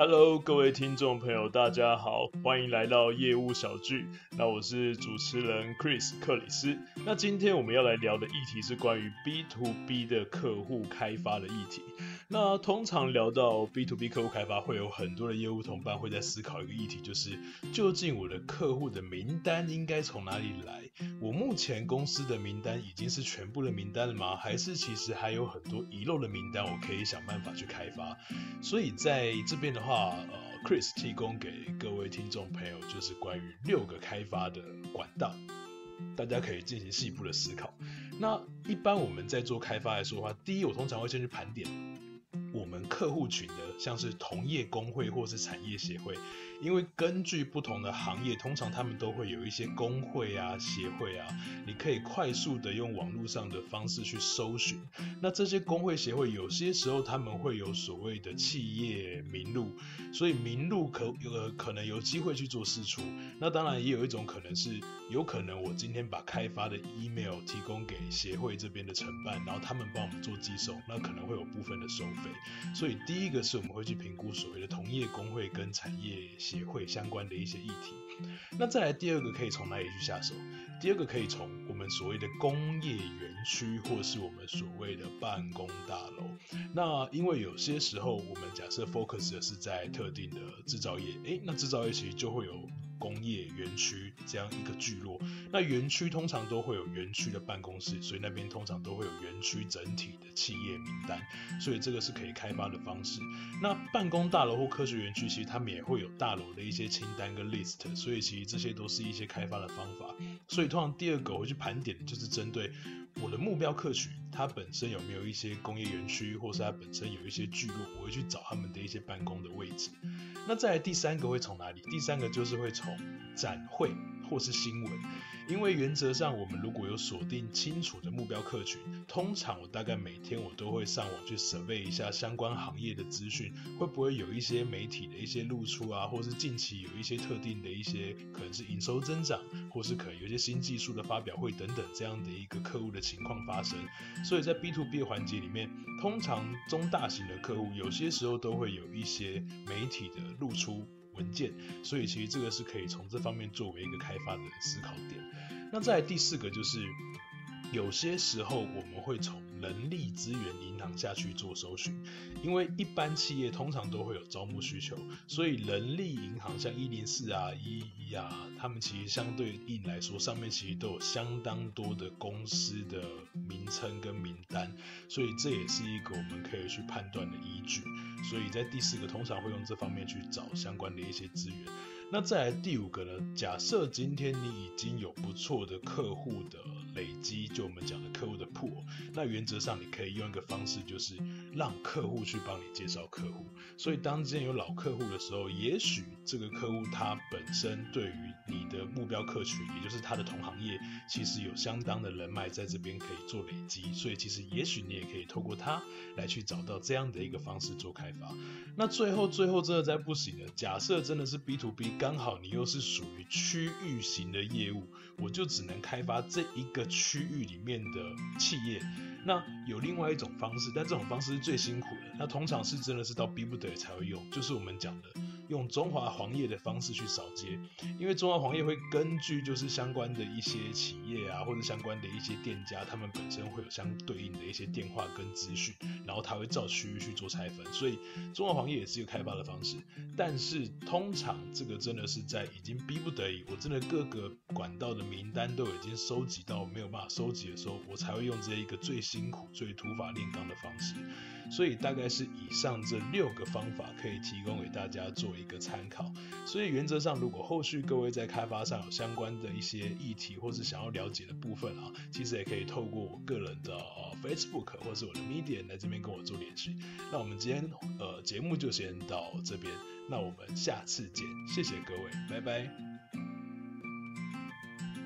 Hello，各位聽眾朋友，大家好，歡迎來到業務小聚。那我是主持人 Chris 克里斯。那今天我們要來聊的議題是關於 B to B 的客戶開發的議題。那通常聊到 B to B 客戶開發，會有很多的業務同伴會在思考一個議題，就是究竟我的客戶的名單應該從哪裡來？我目前公司的名單已經是全部的名單了嗎？還是其實還有很多遺漏的名單，我可以想辦法去開發？所以在這邊的話。的話呃，Chris 提供給各位聽眾朋友，就是關於六個開發的管道，大家可以進行細部的思考。那一般我們在做開發來說的話，第一，我通常會先去盤點。客戶群的像是同業公會或是產業協會，因為根據不同的行業，通常他們都會有一些工會啊、協會啊,你可以快速地用網絡上的方式去搜尋。那這些工會協會有些時候他們會有所謂的企業名錄，所以名錄可有、呃、可能有機會去做事處。那當然也有一種可能是，有可能我今天把開發的 email 提供給協會這邊的承辦，然後他們幫我們做寄送，那可能會有部分的收費。所以。所以第一個是我們會去評估所謂的同業公會跟產業協會相關的一些議題。那再來第二個可以從哪裡去下手？第二個可以從我們所謂的工業園區或是我們所謂的辦公大樓。那因為有些時候我們假設 focus 的是在特定的制造業，誒，那制造業其實就會有。工業園區這樣一個聚落，那園區通常都會有園區的辦公室，所以那邊通常都會有園區整體的企業名單，所以這個是可以開發的方式。那辦公大樓或科學園區，其實他們也會有大樓的一些清單跟 list，所以其實這些都是一些開發的方法。所以通常第二個我會去盤點，就是針對我的目標客群，它本身有沒有一些工業園區，或是它本身有一些聚落，我會去找他們的一些辦公的位置。那再來第三個會從哪裡？第三個就是會從展會或是新聞，因為原則上我們如果有鎖定清楚的目標客群，通常我大概每天我都會上網去 survey 一下相關行業的資訊，會不會有一些媒體的一些露出啊，或是近期有一些特定的一些可能是營收增長，或是可能有一些新技術的發表會等等這樣的一個客戶的情況發生。所以在 B to B 環節裡面，通常中大型的客戶有些時候都會有一些媒體的露出。文件，所以其實這個是可以從這方面作為一個開發的思考點。那再來第四個就是。有些時候我們會從人力資源銀行下去做搜尋，因為一般企業通常都會有招募需求，所以人力銀行像一零四啊、一一一一啊，他們其實相對應來說，上面其實都有相當多的公司的名稱跟名單，所以這也是一個我們可以去判斷的依據。所以在第四個，通常會用這方面去找相關的一些資源。那再來第五個呢？假設今天你已經有不錯的客戶的累積。就我們講的客戶的 pool，那原則上你可以用一個方式，就是讓客戶去幫你介紹客戶。所以當今天有老客戶的時候，也許這個客戶他本身對於你的目標客群，也就是他的同行業，其實有相當的人脈在這邊可以做累積。所以其實也許你也可以透過他來去找到這樣的一個方式做開發。那最後最後這的再不行的，假設真的是 B to B，剛好你又是屬於區域型的業務，我就只能開發這一個區域，裡面的企業，那有另外一種方式，但這種方式是最辛苦的，那通常是真的是到逼不得已才會用，就是我們講的。用中華黃頁的方式去掃街，因為中華黃頁會根據就是相關的一些企業啊，或者相關的一些店家，他們本身會有相對應的一些電話跟資訊，然後他會照區域去做拆分，所以中華黃頁也是一個開發的方式。但是通常這個真的是在已經逼不得已，我真的各個管道的名單都已經收集到，沒有辦法收集的時候，我才會用這一個最辛苦、最土法煉鋼的方式。所以大概是以上這六個方法可以提供給大家做一個參考，所以原則上，如果後續各位在開發上有相關的一些議題，或是想要了解的部分啊，其實也可以透過我個人的呃 Facebook 或是我的 Media 來這邊跟我做聯繫。那我們今天呃節目就先到這邊，那我們下次見，謝謝各位，拜拜。